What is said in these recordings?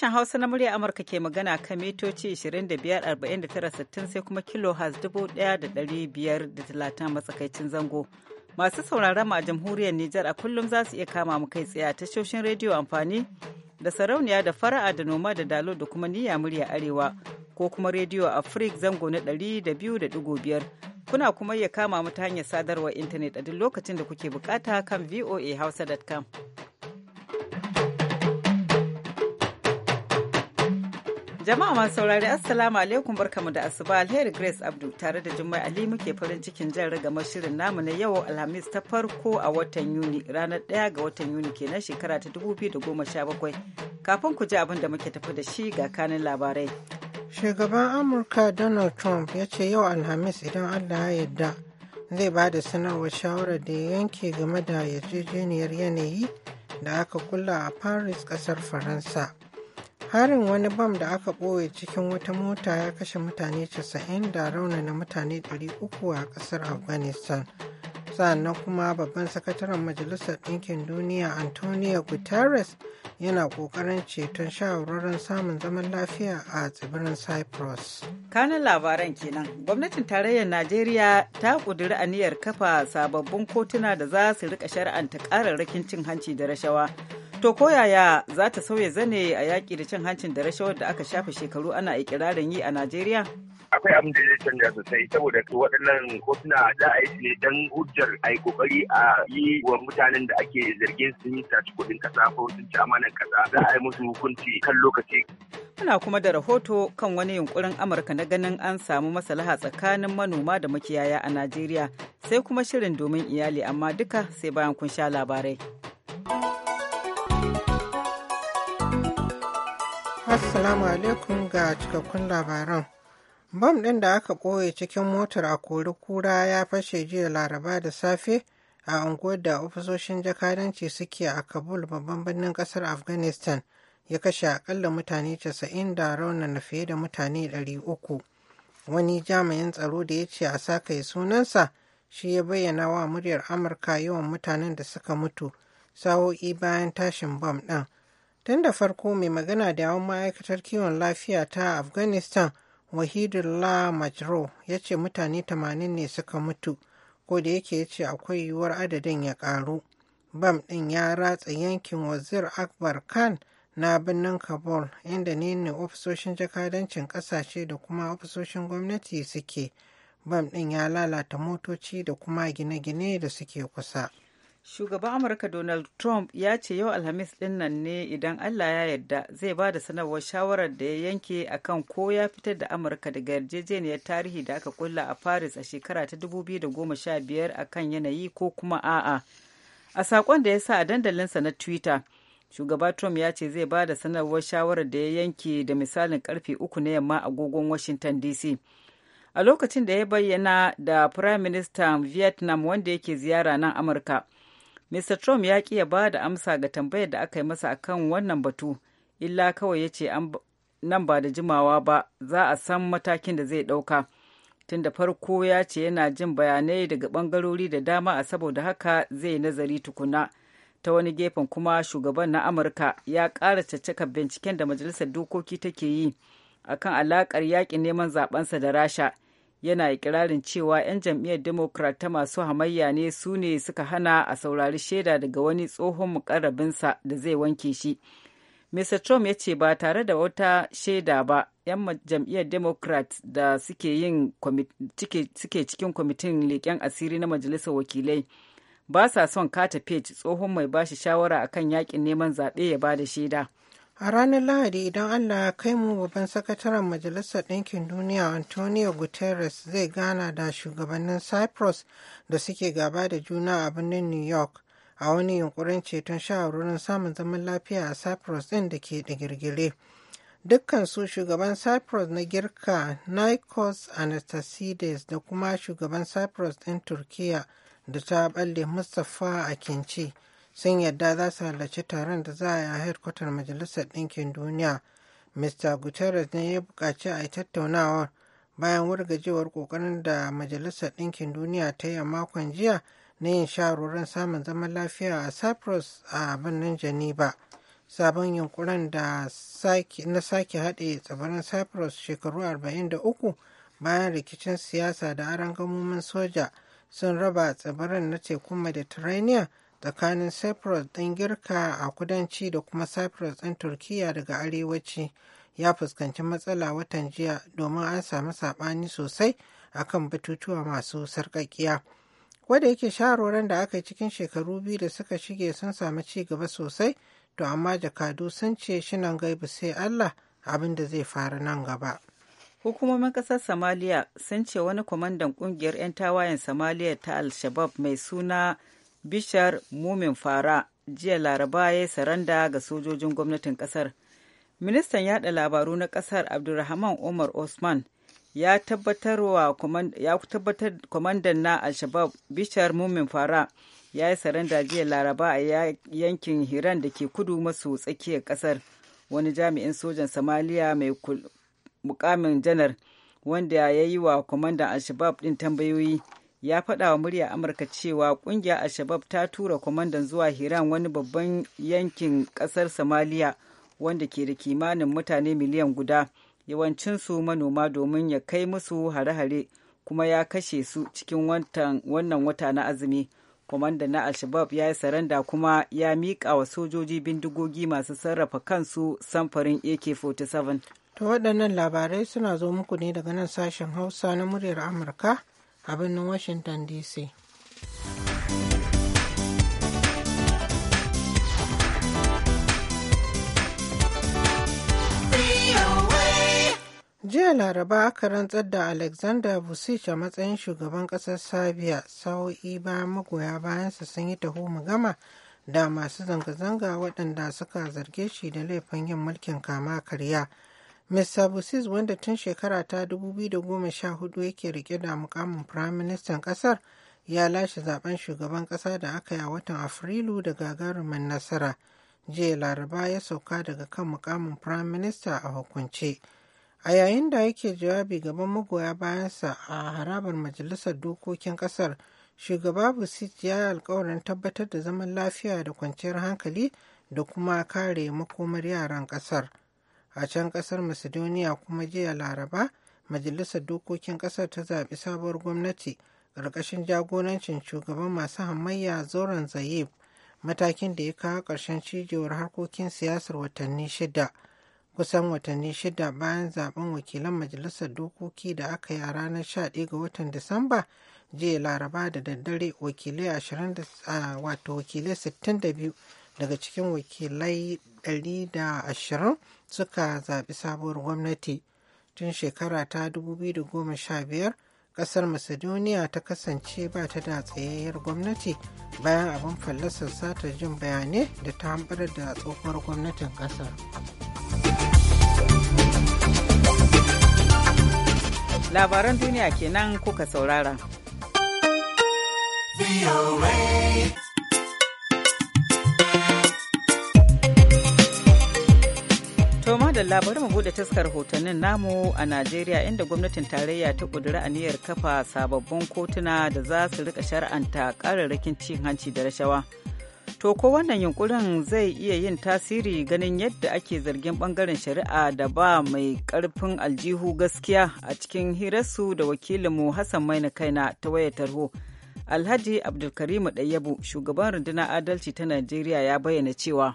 Sashen Hausa na murya Amurka ke magana kan mitoci 25,49,60 sai kuma kilohertz 1,530 matsakaicin zango. Masu sauraron a jamhuriyar Nijar a kullum za su iya kama mu kai tsaye a tashoshin rediyo amfani da sarauniya da fara'a da noma da dalo da kuma niyya murya arewa ko kuma rediyo a Afrik zango na 200.5 kuna kuma iya kama mu ta hanyar sadarwar intanet a duk lokacin da kuke bukata kan voa hausa.com. Jama'a masu saurari Assalamu alaikum barkamu da asuba alheri Grace Abdu tare da Jummai Ali muke farin cikin jan ragamar shirin namu na yau Alhamis ta farko a watan Yuni ranar ɗaya ga watan Yuni kenan shekara ta 2017 kafin ku ji abin da muke tafi da shi ga kanin labarai. Shugaban Amurka Donald Trump ya ce yau Alhamis idan Allah ya yarda zai ba da sanarwar shawarar da ya yanke game da yarjejeniyar yanayi da aka kula a Paris kasar Faransa. harin wani bam da aka ɓoye cikin wata mota ya kashe mutane 90 da raunana mutane 300 a ƙasar afghanistan sannan kuma babban sakataren majalisar ɗinkin duniya antonio guterres yana ƙoƙarin ceton shawararren samun zaman lafiya a tsibirin cyprus kanan labaran kenan gwamnatin tarayyar najeriya ta ƙudiri aniyar kafa sababbin kotuna da za su rika shari'anta ƙararrakin cin hanci da rashawa To koyaya za ta sauya zane a yaƙi da cin hancin da rashawar da aka shafe shekaru ana ikirarin yi a Najeriya? Akwai abin da zai canja sosai saboda waɗannan hotuna da a yi ne don hujjar a yi kokari a yi wa mutanen da ake zargin sun yi saci kuɗin kasa ko sun ci amanan kasa za a yi musu hukunci kan lokaci. Muna kuma da rahoto kan wani yunkurin Amurka na ganin an samu maslaha tsakanin manoma da makiyaya a Najeriya sai kuma shirin domin iyali amma duka sai bayan kun sha labarai. Assalamu alaikum ga cikakkun labaran. Bam ɗin da aka ɓoye cikin motar a kori kura ya fashe jiya laraba da safe a unguwar da ofisoshin jakadanci suke a Kabul babban birnin ƙasar Afghanistan ya kashe akalla mutane casa'in da raunana fiye da mutane ɗari uku. Wani jami'in tsaro da ya ce a sakaye sunansa shi ya bayyana wa muryar Amurka yawan mutanen da suka mutu sa'o'i bayan tashin bam ɗin. tun da farko mai magana da yawon ma'aikatar kiwon lafiya ta afghanistan wahidullah majro ya ce mutane 80 ne suka mutu ko da yake ce akwai yiwuwar adadin ya karu bam ɗin ya ratsa yankin wazir akbar khan na birnin kabul inda ne ne ofisoshin jakadancin ƙasashe da kuma ofisoshin gwamnati suke bam ɗin ya lalata motoci da kuma gine-gine da suke kusa Shugaban Amurka Donald Trump ya ce yau Alhamis dinnan ne idan Allah ya yarda zai ba da sanarwar shawarar da ya yanke akan ko ya fitar da Amurka daga yarjejeniyar tarihi da aka kulla a Paris a shekara ta 2015 kan yanayi ko kuma a'a. A sakon da ya sa a dandalinsa na Twitter, shugaba Trump ya ce zai ba da sanarwar shawarar da ya yanke da misalin karfe uku na yamma agogon Washington DC. A lokacin da ya bayyana da Prime Minister Vietnam wanda yake ziyara nan Amurka. Mr. Trump ya ƙi ya ba da amsa ga tambayar da aka yi masa a kan wannan batu, illa kawai ya ce nan ba da jimawa ba za a san matakin da zai ɗauka. Tun da farko ya ce yana jin bayanai daga ɓangarori da dama a saboda haka zai nazari tukuna. Ta wani gefen kuma shugaban na Amurka ya ƙara caccaka binciken da Majalisar Dokoki take yi akan alaƙar yaƙin neman zaɓensa da Rasha. yana ikirarin cewa 'yan jam'iyyar democrat ta masu hamayya ne su ne suka hana a saurari shaida daga wani tsohon mukarrabinsa da zai wanke shi mr trump ya ce ba tare da wata shaida ba 'yan jam'iyyar democrat da suke yin suke cikin kwamitin leƙen asiri na majalisar wakilai ba sa son kata page tsohon mai bashi shawara akan yakin neman zaɓe ya ba da shaida A ranar Lahadi idan Allah ya kai mu babban sakataren Majalisar Ɗinkin Duniya Antonio Guterres zai gana da shugabannin Cyprus da suke gaba da juna a birnin New York a wani yunkurin ceton shawarorin samun zaman lafiya a Cyprus ɗin da ke digirgire. Dukkan su shugaban Cyprus na Girka Nikos Anastasides da kuma shugaban Cyprus ɗin Turkiya da ta balle Mustapha Akinci. sun yarda za su halarci taron da za a yi a hedkwatar majalisar ɗinkin duniya mr guterres ne ya buƙaci a yi tattaunawar bayan wargajewar ƙoƙarin da majalisar ɗinkin duniya ta yi a makon jiya na yin shawarwarin samun zaman lafiya a cyprus a birnin Janiba. sabon yunkurin da na sake haɗe tsibirin cyprus shekaru 43 bayan rikicin siyasa da arangamomin soja sun raba tsibirin na tekun mediterranean tsakanin cyprus ɗin girka a kudanci da kuma cyprus ɗin turkiya daga arewaci ya fuskanci matsala watan jiya domin an samu saɓani sosai akan batutuwa masu sarƙaƙiya wadda yake shawarwarin da aka yi cikin shekaru biyu da suka shige sun samu ci gaba sosai to amma jakadu sun ce shinan gaibu sai allah abin da zai faru nan gaba hukumomin kasar samaliya sun ce wani kwamandan kungiyar 'yan tawayen samaliya ta al-shabab mai suna bishar mumin fara jiya laraba ya yi saranda ga sojojin gwamnatin kasar ministan yada labaru na kasar abdulrahman umar osman ya tabbatar kwamandan na alshabab bishar mumin fara ya yi saranda jiya laraba a yankin hiran da ke kudu maso tsakiyar kasar wani jami'in sojan samaliya mai mukamin janar wanda ya yi wa kwamandan alshabab din tambayoyi ya faɗa wa murya amurka cewa ƙungiya al-shabab ta tura kwamandan zuwa hiran wani babban yankin ƙasar somaliya wanda ke da kimanin mutane miliyan guda yawancinsu manoma domin ya kai musu hare-hare kuma ya kashe su cikin wannan wata na azumi kwamandan na alshabab ya yi saranda kuma ya miƙa wa sojoji bindigogi masu sarrafa kansu samfarin ak-47 to waɗannan labarai suna zo muku ne daga nan sashen hausa na muryar amurka a birnin washington dc jiya laraba aka rantsar da alexander vucic a matsayin shugaban kasar serbia sa'o'i bayan magoya bayansa sun yi taho gama da masu zanga-zanga waɗanda suka zarge shi da laifin yin mulkin kama karya Mr. Busis wanda tun shekara ta 2014 yake rike da mukamin firaministan ƙasar ya lashe zaben shugaban ƙasa da aka yi a watan Afrilu da gagarumin nasara. Jiya Laraba ya sauka daga kan mukamin firaminista a hukunce. A yayin da yake jawabi gaban magoya bayansa a harabar Majalisar Dokokin ƙasar, shugaba Busis ya yi alkawarin tabbatar da zaman lafiya da kwanciyar hankali da kuma kare makomar yaran ƙasar. a can kasar macedonia kuma jiya laraba majalisar dokokin kasar ta zaɓi sabuwar gwamnati ƙarƙashin jagorancin shugaban masu hamayya zoran zayev matakin da ya kawo ƙarshen cijewar harkokin siyasar watanni shida kusan watanni shida bayan zaben wakilan majalisar dokoki da aka yi a ranar 11 ga watan disamba jiya laraba da daddare wakilai 62 daga cikin wakilai 120 suka zaɓi sabuwar gwamnati tun shekara ta 2015 ƙasar macedonia ta kasance ba ta da tsayayyar gwamnati bayan abin fallasar sata jin bayanai da ta hambar da tsohuwar gwamnatin ƙasar labaran duniya kenan kuka saurara. madalla bari mu bude taskar hotonnin namu a Najeriya inda gwamnatin tarayya ta kudura aniyar kafa sababbin kotuna da za su rika shar'anta kararrakin cin hanci da rashawa. To ko wannan yunkurin zai iya yin tasiri ganin yadda ake zargin bangaren shari'a da ba mai karfin aljihu gaskiya a cikin hirarsu da wakilinmu Hassan Maina Kaina ta wayar tarho. Alhaji Abdulkarimu Ɗayyabu, shugaban rundunar adalci ta Najeriya ya bayyana cewa.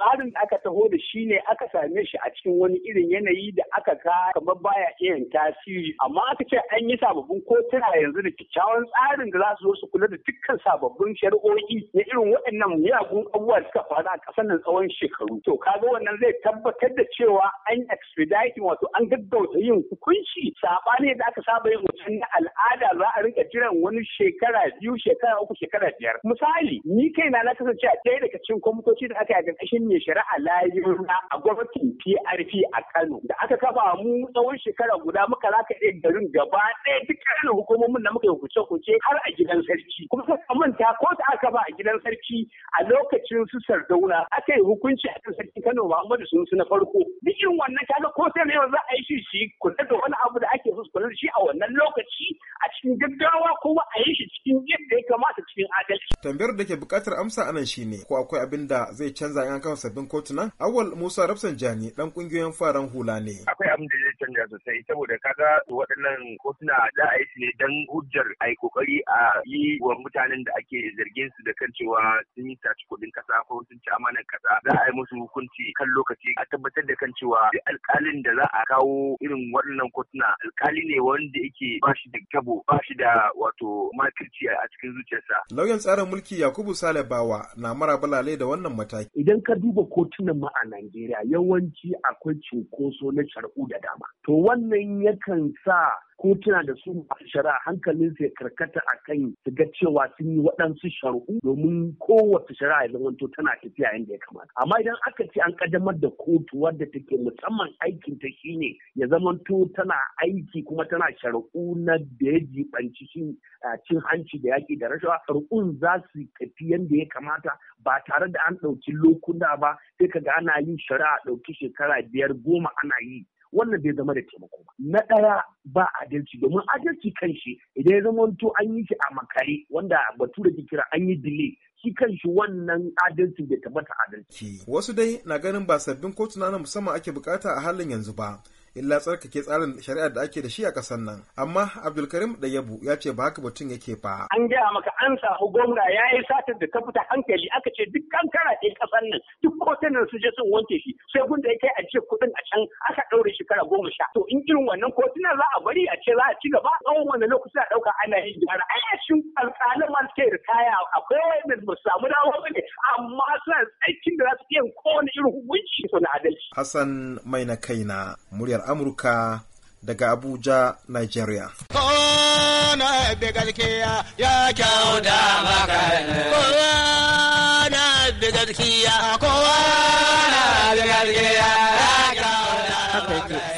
tsarin da aka taho da shi ne aka same shi a cikin wani irin yanayi da aka ka kamar baya iya tasiri amma aka ce an yi sababbin kotuna yanzu da kyakkyawan tsarin da za su zo su kula da dukkan sababbin shari'o'i na irin waɗannan miyagun abubuwa da suka faru a ƙasar nan tsawon shekaru to kaga wannan zai tabbatar da cewa an expediting wato an gaggauta yin hukunci saɓani da aka saba yin mutum na al'ada za a rinka jiran wani shekara biyu shekara uku shekara biyar misali ni kaina na kasance a ɗaya daga cikin kwamitoci da aka yi a ƙarƙashin mai shari'a layuna a gwamnatin PRP a Kano da aka kafa mu tsawon shekara guda muka raka ɗaya garin gaba ɗaya duk irin hukumomin da muka yi kuce kuce har a gidan sarki kuma ka manta ko da aka ba a gidan sarki a lokacin su sardauna aka yi hukunci a kan sarki Kano Muhammadu su na farko dukin wannan kaga ko sai ne za a yi shi shi kula da wani abu da ake so kula shi a wannan lokaci a cikin gaggawa kuma a yi shi cikin yadda ya kamata cikin adalci tambayar da ke buƙatar amsa anan shine ko akwai abin da zai canza in sabbin kotunan awal musa Jani dan kungiyoyin faran hula ne akwai abin da zai canja sosai saboda kaga waɗannan kotuna za a yi su ne dan hujjar a yi kokari a yi wa mutanen da ake zargin su da kan cewa sun yi taci kuɗin kasa ko sun ci amanar kasa za a yi musu hukunci kan lokaci a tabbatar da kan cewa duk alkalin da za a kawo irin waɗannan kotuna alkali ne wanda yake ba shi da gabo ba shi da wato makirci a cikin zuciyarsa lauyan tsarin mulki yakubu sale bawa na marabalale da wannan mataki idan ka duba duba kotunan mu a Najeriya yawanci akwai cunkoso na shari'u da dama. To wannan yakan sa kotuna da su a shari'a hankalin su ya karkata a kan su ga cewa sun yi waɗansu shari'u domin kowace shari'a ya zamanto tana tafiya yadda ya kamata amma idan aka ce an kaddamar da kotu wadda take musamman aikin ta shine ya zamanto tana aiki kuma tana shari'u na da ya jibanci cin hanci da yaƙi da rashawa shari'un za su tafi yadda ya kamata ba tare da an ɗauki lokuta ba sai ga ana yin shari'a ɗauki shekara biyar goma ana yi wannan bai zama da taimako ba na ɗaya ba adalci domin adalci kan shi idan ya zama to an yi shi a makare wanda batu da kira an yi delay shi kan shi wannan adalci bai tabbata adalci wasu dai na ganin ba sabbin kotuna na musamman ake bukata a halin yanzu ba illa tsarkake tsarin shari'ar da ake da shi a ƙasar nan amma abdulkarim da Yabu ya ce ba haka batun yake ba an gaya maka an samu gwamna ya yi satar da ta fita hankali aka ce duk kankara ɗin ƙasar nan duk kotunan su je sun wanke shi sai gunda ya kai ajiye kuɗin a can aka ɗaure shekara goma sha to in irin wannan kotunan za a bari a ce za a ci gaba tsawon wani lokaci a ɗauka ana yin gyara ai a cikin alƙalin ma suke akwai wanda ba su samu dawo ba ne amma suna aikin da za su iya kowane irin hukunci su na adalci. Hassan mai na kaina muryar muryar Amurka daga Abuja, Nigeria.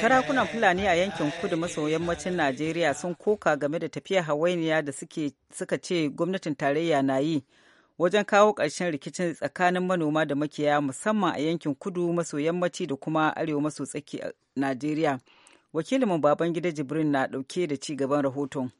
Sarakunan Fulani a yankin kudu maso yammacin Najeriya sun koka game da tafiya hawainiya da suka ce gwamnatin tarayya na yi wajen kawo ƙarshen rikicin tsakanin manoma da makiyaya musamman a yankin kudu maso yammaci da kuma arewa maso tsaki a Najeriya. Wakilin Babangida Jibrin na ɗauke da ci gaban rahoton.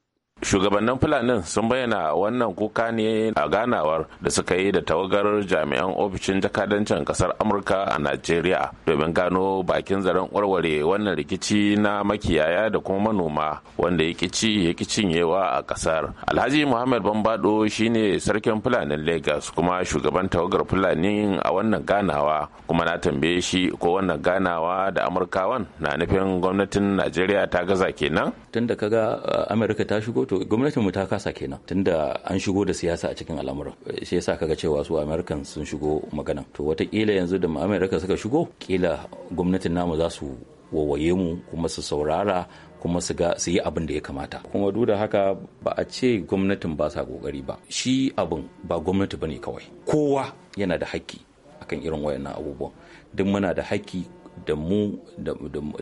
shugabannin fulanin sun bayyana wannan kuka ne a ganawar da suka yi da tawagar jami'an ofishin jakadancin kasar amurka a najeriya domin gano bakin zaren warware wannan rikici na makiyaya da kuma manoma wanda ya kici ya cinyewa a kasar alhaji muhammad bambado shine sarkin fulanin lagos kuma shugaban tawagar fulani a wannan ganawa kuma na tambaye shi ko wannan ganawa da amurkawan na nufin gwamnatin najeriya ta gaza kenan tun da kaga uh, amurka ta shigo to gwamnatinmu ta kasa kenan tunda an shigo da siyasa a cikin al'amuran shi yasa kaga cewa su american sun shigo magana. to watakila yanzu da america suka shigo kila gwamnatin namu za su wawaye mu kuma su saurara kuma su ga su yi abin da ya kamata kuma duk da haka ba a ce gwamnatin ba sa kokari ba shi abin ba gwamnati bane kawai kowa yana da haƙƙi akan irin wayannan abubuwan duk muna da haƙƙi da mu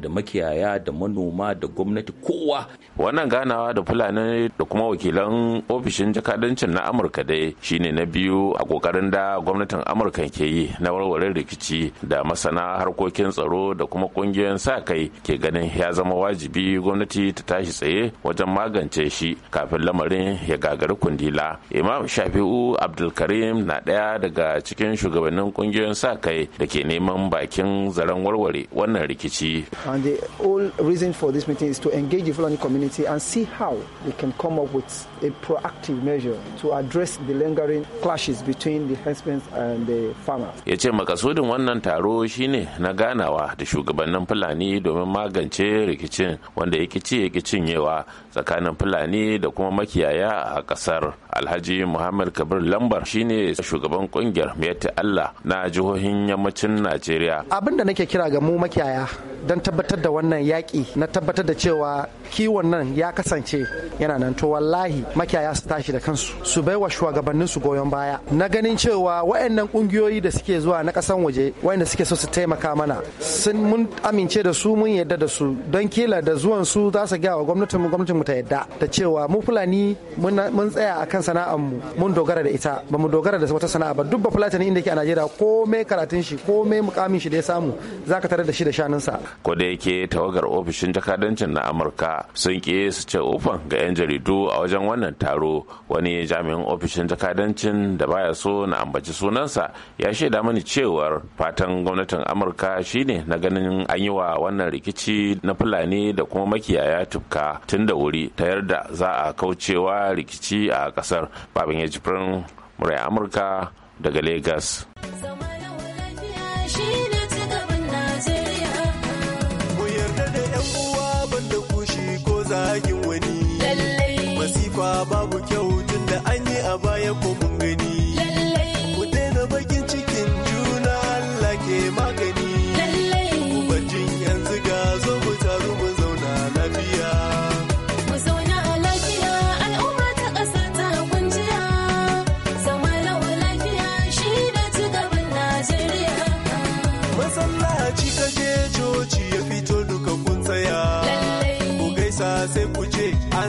da makiyaya da manoma da gwamnati kowa wannan ganawa da fulani da kuma wakilan ofishin jakadancin na amurka dai shine na biyu a kokarin da gwamnatin amurka ke yi na warware rikici da masana harkokin tsaro da kuma kungiyoyin sa kai ke ganin ya zama wajibi gwamnati ta tashi tsaye wajen magance shi kafin lamarin ya gagari kundila imam shafi'u abdulkarim na ɗaya daga cikin shugabannin kungiyoyin sa kai da ke neman bakin zaren warware warware wannan rikici. And the whole reason for this meeting is to engage the Fulani community and see how they can come up with a proactive measure to address the lingering clashes between the husbands and the farmers. Ya ce makasudin wannan taro shine na ganawa da shugabannin Fulani domin magance rikicin wanda ya kici ya ki cinyewa tsakanin Fulani da kuma makiyaya a kasar. Alhaji Muhammad Kabir Lambar shine shugaban kungiyar Miyatti Allah na jihohin yammacin Najeriya. Abin da nake kira ga mu makiyaya don tabbatar da wannan yaƙi na tabbatar da cewa kiwon nan ya kasance yana nan to wallahi makiyaya su tashi da kansu su baiwa shugabannin su goyon baya na ganin cewa wayannan kungiyoyi da suke zuwa na kasan waje wayanda suke so su taimaka mana sun mun amince da su mun yadda da su don kila da zuwan su za su ga wa gwamnatin mu gwamnatin mu ta yadda da cewa mu fulani mun tsaya akan sana'ar mu mun dogara da ita ba mu dogara da wata sana'a ba duk ba fulani inda yake a Najeriya komai karatun shi komai mukamin shi da ya samu zaka tare da shi da shanunsa ko da yake tawagar ofishin jakadancin na Amurka sun ƙi su ce ufan ga 'yan jaridu a wajen wannan taro wani jami'in ofishin jakadancin da baya so na ambaci sunansa ya shaida mani cewar fatan gwamnatin amurka shine na ganin an yi wa wannan rikici na fulani da kuma makiyaya tufka tun da wuri ta yarda za a kaucewa rikici a kasar babin ya murai amurka daga lagos zagin wani masifa babu kyau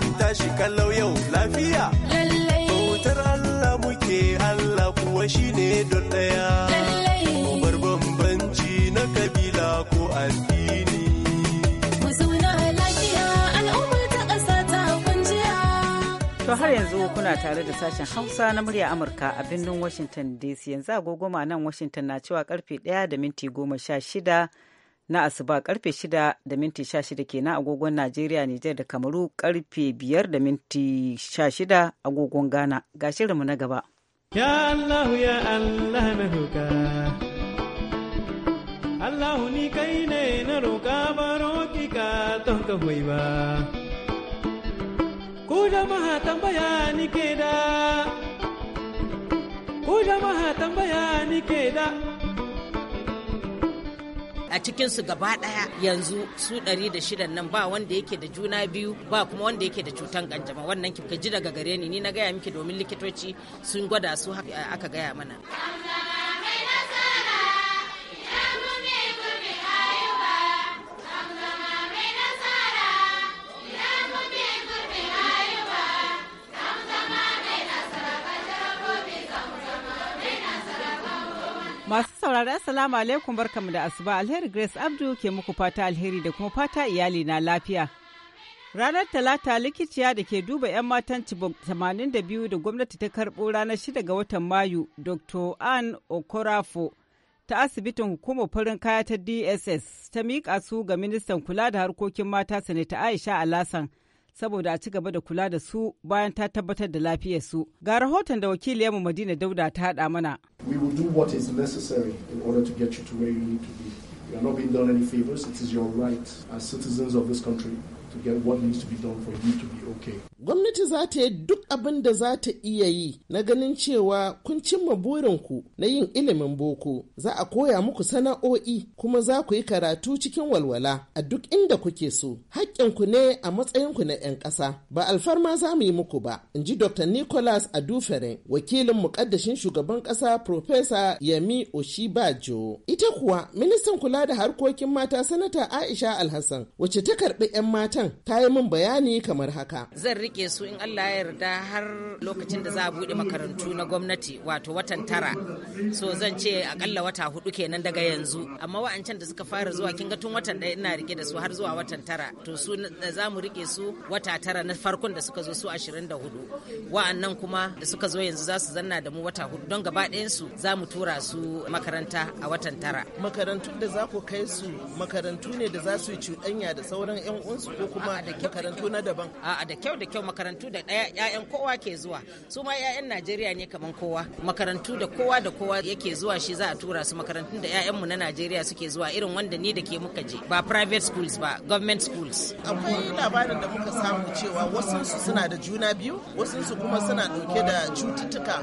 an tashi kallau yau lafiya. Lallai. Bautar Allah muke Allah kuwa shi ne don ɗaya. Lallai. Bar bambanci na kabila ko addini. Mu zauna lafiya al'ummar ta ƙasa ta kwanciya. To har yanzu kuna tare da sashen Hausa na murya Amurka a birnin Washington DC yanzu agogoma nan Washington na cewa karfe 1 da minti goma sha shida na asuba karfe 6 da minti 16 kenan agogon Najeriya, Nijar da Kamaru karfe 5 da minti 16 agogon Ghana. Ga shirinmu na gaba. Ya Allah ya Allah na roka. Allah ni kai ne na roka baro ki ka ton ka hoi ba. Ku jama'a tambaya ni ke da. Ku jama'a tambaya ni ke da. a cikin su gaba daya yanzu su shidan nan ba wanda yake da juna biyu ba kuma wanda yake da cutan kanjama wannan kika ji daga gare ni ni na gaya miki domin likitoci sun gwada su aka gaya mana. saurari assalamu alaikum barkamu da asuba alheri Grace Abdu ke muku fata alheri da kuma fata iyali na lafiya. Ranar Talata likiciya da ke duba 'yan matan cibin 82 da gwamnati ta karbo ranar 6 ga watan Mayu, Dr. Ann Okorafo ta asibitin hukumar farin kaya ta DSS ta miƙa su ga ministan kula da harkokin mata Sanata Aisha Alasan saboda a ci gaba da kula da su bayan ta tabbatar da lafiyarsu. Ga rahoton da wakiliyarmu Madina Dauda ta haɗa mana. We will do what is necessary in order to get you to where you need to be. You are not being done any favors. It is your right as citizens of this country to get what needs to be done for you to be okay. gwamnati za ta yi duk abin da za ta iya yi na ganin cewa kun cimma burinku na yin ilimin boko za a koya muku sana'o'i kuma za ku yi karatu cikin walwala a duk inda kuke so haƙƙinku ne a matsayinku na 'yan ƙasa ba alfarma za mu yi muku ba in ji dr nicholas adufere wakilin muƙaddashin shugaban ƙasa profesa yami oshibajo ita kuwa ministan kula da harkokin mata sanata aisha alhassan wacce ta karɓi 'yan matan ta yi min bayani kamar haka rike su in Allah ya yarda har lokacin da za a bude makarantu na gwamnati wato watan tara so zan ce akalla wata hudu kenan daga yanzu amma wa'ancan da suka fara zuwa kin ga tun watan ɗaya ina rike da su har zuwa watan tara to su da za mu rike su wata tara na farkon da suka zo su 24 wa'annan kuma da suka zo yanzu za su zanna da mu wata hudu don gaba su za mu tura su makaranta a watan tara makarantun da za ku kai su makarantu ne da za su yi cuɗanya da sauran 'yan uwansu ko kuma makarantu na daban a'a da kyau da kyau kyau makarantu da ƴaƴan kowa ke zuwa su ma ƴaƴan Najeriya ne kaman kowa makarantu da kowa da kowa yake zuwa shi za a tura su makarantun da ƴaƴanmu na Najeriya suke zuwa irin wanda ni da ke muka je ba private schools ba government schools akwai labarin da muka samu cewa wasu su suna da juna biyu wasu su kuma suna dauke da cututtuka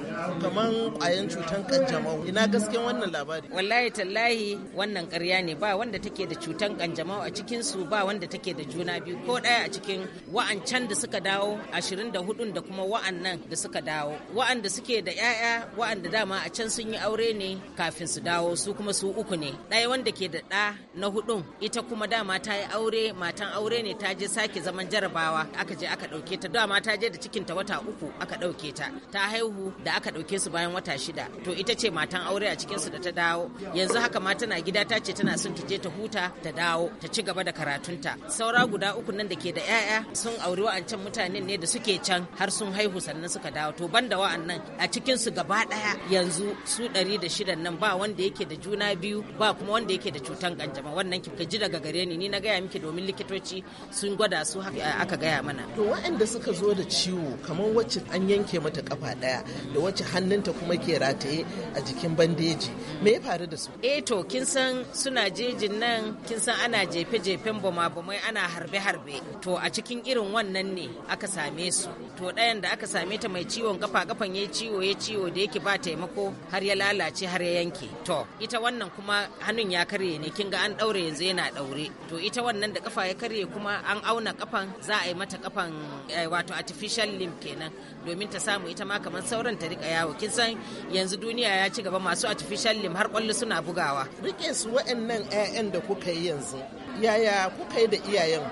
kaman ƙwayan cutan kanjamau ina gaskiyan wannan labari wallahi tallahi wannan ƙarya ne ba wanda take da cutan kanjamau a cikin su ba wanda take da juna biyu ko ɗaya a cikin wa'ancan da suka dawo dawo 24 da kuma wa'annan da suka dawo wa'anda suke da 'ya'ya wa'anda dama a can sun yi aure ne kafin su dawo su kuma su uku ne ɗaya wanda ke da ɗa na hudun ita kuma dama ta yi aure matan aure ne ta je sake zaman jarabawa aka je aka ɗauke ta dama ta je da cikinta wata uku aka ɗauke ta ta haihu da aka ɗauke su bayan wata shida to ita ce matan aure a cikinsu da ta dawo yanzu haka ma tana gida ta ce tana son ta je ta huta ta dawo ta ci gaba da karatunta saura guda uku nan da ke da 'ya'ya sun auri wa'ancan mutane mutanen ne da suke can har sun haihu sannan suka dawo to banda wa'annan a cikin su gaba daya yanzu su ɗari da nan ba wanda yake da juna biyu ba kuma wanda yake da cutan kanjama wannan kika ji daga gare ni ni na gaya miki domin likitoci sun gwada su eh, aka gaya mana to wa'anda suka zo da ciwo kamar wacce an yanke mata kafa daya da wacce hannunta kuma ke rataye a jikin bandeji me ya faru da su eh to kin san suna jejin nan kin san ana jefe-jefen bama-bamai ana harbe-harbe to a cikin irin wannan ne aka same su to ɗayan da aka same ta mai ciwon kafa kafan ya ciwo ya ciwo da yake ba taimako har ya lalace har ya yanke to ita wannan kuma hannun ya karye ne kin ga an ɗaure yanzu yana ɗaure to ita wannan da kafa ya karye kuma an auna kafan za a yi mata kafan eh, wato artificial limb kenan domin ta samu ita ma kamar sauran ta rika yawo kin san yanzu duniya ya ci gaba masu artificial limb har kwallo suna bugawa rike su waɗannan ƴaƴan da kuka yi yanzu yaya kuka yi da iyayen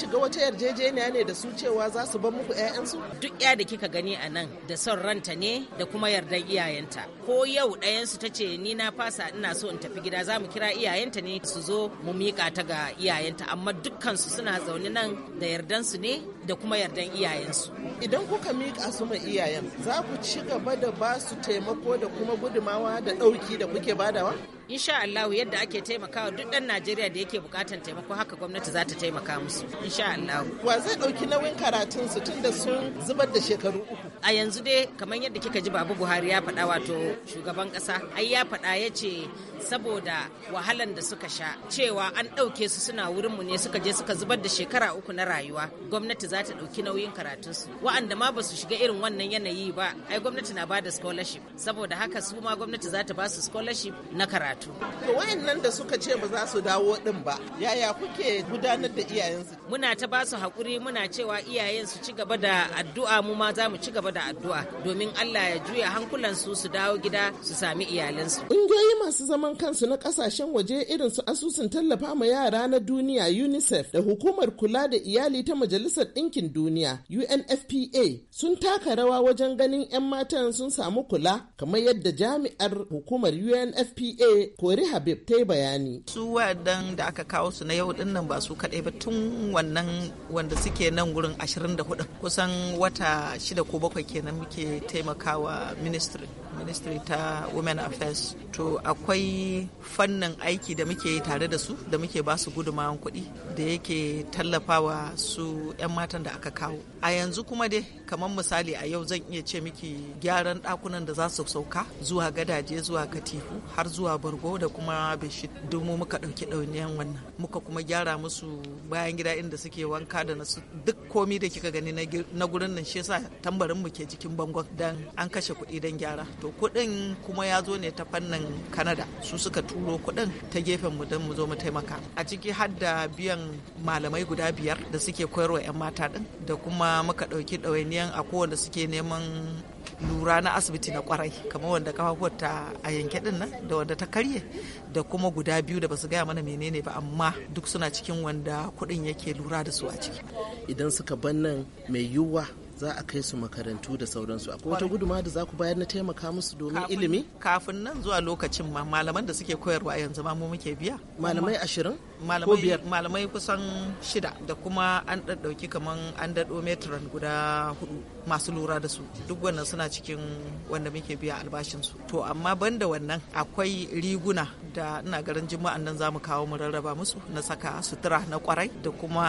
shiga wata yarjejeniya ne da su cewa za su bar muku 'ya'yansu? Duk ya da kika gani a nan da son ranta ne da kuma yardar iyayenta. Ko yau ɗayansu ta ce ni na fasa ina so in tafi gida za mu kira iyayenta ne su zo mu miƙa ta ga iyayenta amma dukkansu suna zaune nan da yardansu ne da kuma yardan iyayensu. Idan kuka miƙa su ma iyayen za ku ci gaba da ba su taimako da kuma gudumawa da ɗauki da kuke badawa? insha Allah yadda ake taimakawa duk ɗan Najeriya da yake bukatan taimako haka gwamnati za ta taimaka musu insha Allah wa zai dauki nauyin karatun su tunda sun zubar da shekaru uku a yanzu dai kamar yadda kika ji Babu Buhari ya faɗa wato shugaban ƙasa ai ya faɗa ya ce saboda wahalan da suka sha cewa an ɗauke su suna wurin mu ne suka je suka zubar da shekara uku na rayuwa gwamnati za ta ɗauki nauyin karatun su. wa'anda ma ba su shiga irin wannan yanayi ba ai gwamnati na bada da scholarship saboda haka su ma gwamnati za ta ba su scholarship na karatu karatu to wayannan da suka ce ba za su dawo din ba yaya kuke gudanar da iyayensu muna ta ba su hakuri muna cewa iyayen su ci gaba da addu'a mu ma za mu ci gaba da addu'a domin Allah ya juya hankulansu su dawo gida su sami iyalansu ƙungiyoyi masu zaman kansu na ƙasashen waje irin su asusun tallafa ma yara na duniya UNICEF da hukumar kula da iyali ta Majalisar Ɗinkin Duniya UNFPA sun taka rawa wajen ganin 'yan matan sun samu kula kamar yadda jami'ar hukumar UNFPA Kori Habib ta yi bayani. Su wadan da aka kawo su na yau din nan ba su kadai ba tun wannan wanda suke nan gurin 24 kusan wata shida ko bakwai kenan muke taimakawa ministry ministry ta women affairs to akwai fannin aiki da muke yi tare da su da muke ba su gudumawan kuɗi da yake tallafawa su 'yan matan da aka kawo a yanzu kuma dai kamar misali a yau zan iya ce miki gyaran ɗakunan da za su sauka zuwa gadaje zuwa katifu har zuwa bargo bargo da kuma bishit domin muka ɗauki ɗauniyan wannan muka kuma gyara musu bayan gida inda suke wanka da nasu duk komi da kika gani na gurin nan shi yasa tambarin mu ke cikin bangon dan an kashe kuɗi dan gyara to kuɗin kuma ya zo ne ta fannin Canada su suka turo kuɗin ta gefen mu dan mu zo mu taimaka a ciki har da biyan malamai guda biyar da suke koyarwa 'yan mata din da kuma muka ɗauki ɗauniyan a kowanne suke neman lura na asibiti na kwarai kamar wanda kafafuwar ta a yanke din nan da wanda ta karye da kuma guda biyu da basu gaya mana menene ba amma duk suna cikin wanda kuɗin yake lura da su a ciki idan suka ban nan mai yiwuwa za a kai su makarantu da sauransu akwai wata guduma da za ku bayar na taimaka musu domin ilimi kafin nan zuwa lokacin ma malaman da suke koyarwa yanzu ma mu muke biya malamai ashirin ko biyar malamai kusan shida da kuma an ɗauki kaman an daɗo metron guda hudu masu lura da su duk wannan suna cikin wanda muke biya albashinsu to amma banda wannan akwai riguna da ina garin juma'an nan za mu kawo mu rarraba musu na saka sutura na kwarai da kuma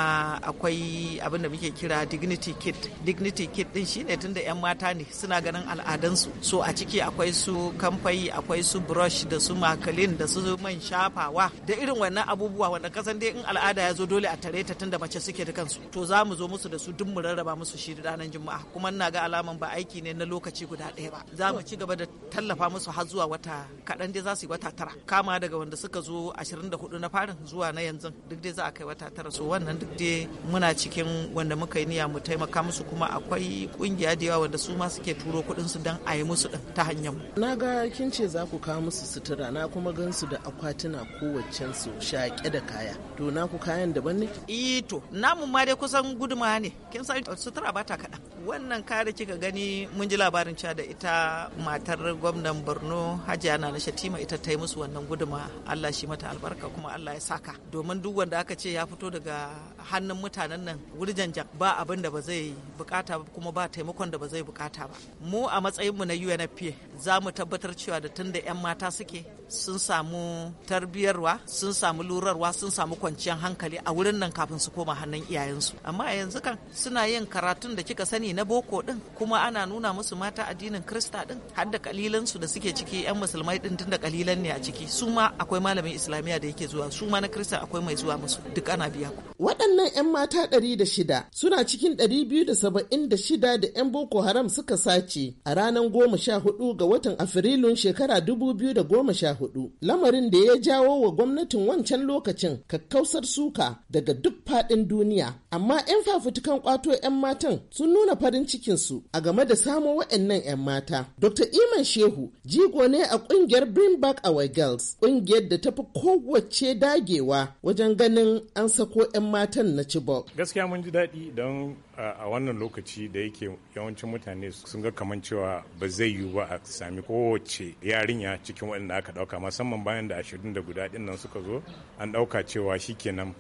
akwai abin da muke kira dignity kit dignity kit din shine tunda yan mata ne suna ganin al'adansu so a ciki akwai su kamfai akwai su brush da su makalin da su man shafawa da irin wannan abubuwa wanda kasan dai in al'ada ya zo dole a tare ta tunda mace suke da kansu to za mu zo musu da su duk mu rarraba musu shi da ranar juma'a kuma ina ga alaman ba aiki ne na lokaci guda ɗaya ba za mu ci gaba da tallafa musu har zuwa wata kaɗan dai za su yi wata tara kama daga wanda suka zo 24 na farin zuwa na yanzu duk dai za a kai wata tara so wannan duk dai muna cikin wanda muka yi niyya mu taimaka musu kuma akwai kungiya da yawa wanda su ma suke turo kuɗin su don a yi musu din ta hanyar mu na ga kin ce za ku kawo musu sutura na kuma gan su da akwatuna kowaccen su shaƙe da kaya to na ku kayan daban ne eh to namun ma dai kusan guduma ne kin san sutura ba ta kaɗan wannan kare kika gani mun ji labarin cewa da ita matar gwamnan borno hajiya na shatima ita ta yi musu wannan guduma hidima Allah shi mata albarka kuma Allah ya saka domin duk wanda aka ce ya fito daga hannun mutanen nan wurjanjan ba abin da ba zai bukata kuma ba taimakon da ba zai bukata ba mu a matsayinmu na UNFPA za mu tabbatar cewa da tunda 'yan mata suke sun samu tarbiyarwa sun samu lurarwa sun samu kwanciyar hankali a wurin nan kafin su koma hannun iyayensu amma a yanzu kan suna yin karatun da kika sani na boko din kuma ana nuna musu mata addinin krista din har da kalilan su da suke ciki yan musulmai din tun da kalilan ne a ciki su ma akwai malamin islamiyya da yake zuwa su ma na krista akwai mai zuwa musu duk ana biya ku waɗannan yan mata ɗari da shida suna cikin ɗari biyu da saba'in da shida da yan boko haram suka sace a ranar goma sha hudu ga watan afrilun shekara dubu biyu da goma sha hudu lamarin da ya jawo wa gwamnatin wancan lokacin kakkausar suka daga duk faɗin duniya amma 'yan fafutukan kwato 'yan matan sun nuna farin cikinsu a game da samo wa'annan 'yan mata dr iman shehu jigo ne a kungiyar bring back our girls kungiyar da tafi kowace dagewa wajen ganin an sako 'yan matan na chibok gaskiya mun ji daɗi don a wannan lokaci da yake yawancin mutane sun ga kaman cewa ba zai yiwu ba a sami kowace yarinya cikin waɗanda aka ɗauka musamman bayan da ashirin da guda ɗin nan suka zo an ɗauka cewa shi shikenan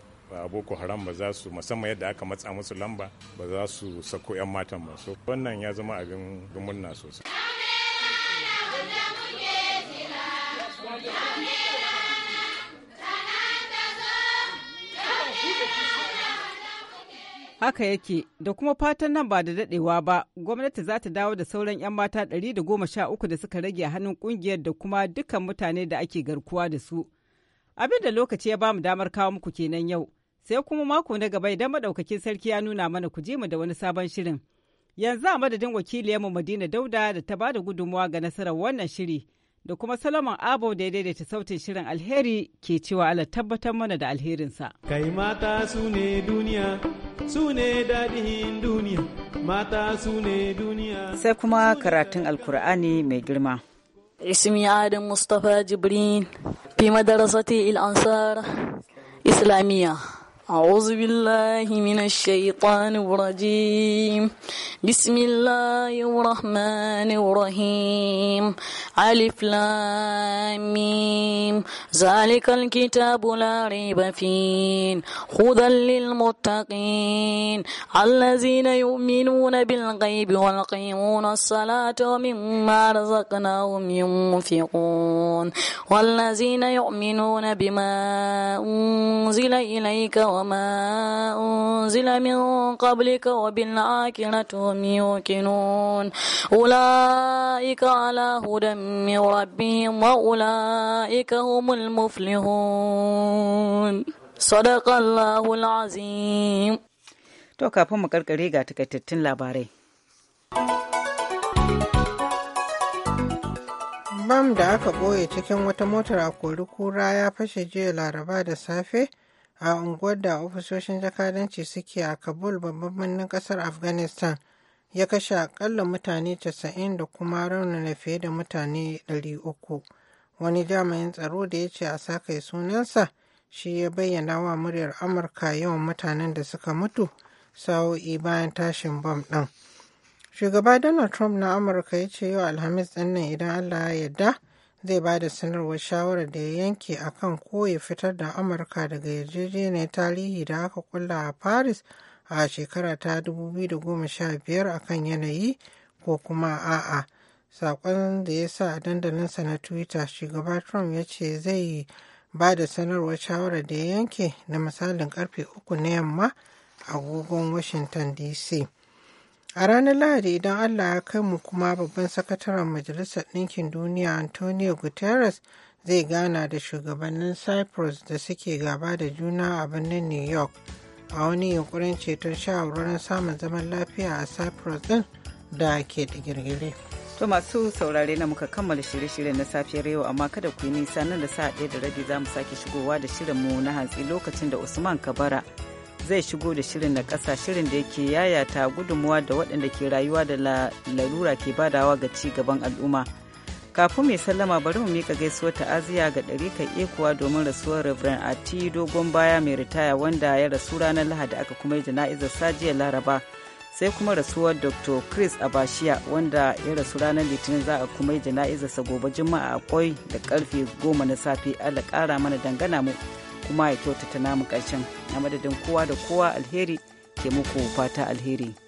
boko haram ba za su musamman yadda aka matsa musu lamba ba za su sako 'yan matan masu wannan ya zama abin murna sosai Haka yake da kuma fatan nan ba da daɗewa ba gwamnati za ta dawo da sauran 'yan mata 113 da suka rage a hannun kungiyar da kuma dukkan mutane da ake garkuwa da su. Abin da lokaci ya ba mu damar kawo muku kenan yau. Sai kuma mako na gaba idan madaukakin sarki ya nuna mana ku je mu da wani sabon shirin. Yanzu a madadin wakiliyarmu Madina Dauda da ta ba da gudunmawa ga nasarar wannan shiri. da kuma Solomon Abo da ya daidaita sautin shirin alheri ke cewa ala tabbatar mana da alherinsa. Kai mata su ne duniya, su ne daɗin duniya, mata su ne duniya. Sai kuma karatun Alkur'ani mai girma. اسمي Mustapha Jibrin fi في مدرستي ilansar Islamiyya. أعوذ بالله من الشيطان الرجيم بسم الله الرحمن الرحيم ألف لام ذلك الكتاب لا ريب فيه هدى للمتقين الذين يؤمنون بالغيب ويقيمون الصلاة ومما رزقناهم ينفقون والذين يؤمنون بما أنزل إليك وما أنزل من قبلك وبالآخرة هم يوقنون أولئك على هدى من ربهم وأولئك هم المفلحون صدق الله العظيم To kafin mu karkare ga takaitattun labarai. Bam da aka boye cikin wata motar a kori kura ya fashe jiya laraba da safe a unguwar da ofisoshin jakadanci suke a kabul babban birnin kasar afghanistan ya kashe akalla mutane 90 da kuma raunana fiye da mutane 300 wani jami'in tsaro da ya ce a sakai sunansa shi ya bayyana wa muryar amurka yawan mutanen da suka mutu sa'o'i bayan tashin bom ɗin shugaba donald trump na amurka ya ce yau alhamis ɗin idan allah ya yarda zai ba da sanarwar shawarar da ya yanke akan ko ya fitar da amurka daga yarjejeniyar tarihi da aka kulla a paris a shekara ta 2015 akan yanayi ko kuma a'a sakon da ya sa a dandalinsa na twitter shugaba trump ya ce zai ba da sanarwar shawarar da ya yanke na misalin karfe uku na yamma a agogon washington dc A ranar Lahadi idan Allah ya kai mu kuma babban sakataren Majalisar Ɗinkin Duniya Antonio Guterres zai gana da shugabannin Cyprus da suke gaba da juna a birnin New York a wani yunkurin ceton shawarwarin samun zaman lafiya a Cyprus ɗin da ke da To masu saurare na muka kammala shirye-shiryen na safiyar yau amma kada ku yi nisa nan da sa'a ɗaya da rabi za mu sake shigowa da shirin mu na hantsi lokacin da Usman Kabara zai shigo da shirin na ƙasa shirin da yake yayata gudunmuwa da waɗanda ke rayuwa da larura ke badawa ga ci gaban al'umma. Kafin mai sallama bari mu mika gaisuwar ta'aziya ga ɗarikar ekuwa domin rasuwar Reverend Ati dogon baya mai ritaya wanda ya rasu ranar Lahadi aka kuma yi jana'izar sajiyar Laraba. sai kuma rasuwar dr chris abashiya wanda ya rasu ranar litinin za a kuma yi jana'izarsa gobe juma'a a da karfe goma na safe ala kara mana dangana mu kuma ya kyautata namu ƙarshen a madadin kowa da kowa alheri ke muku fata alheri.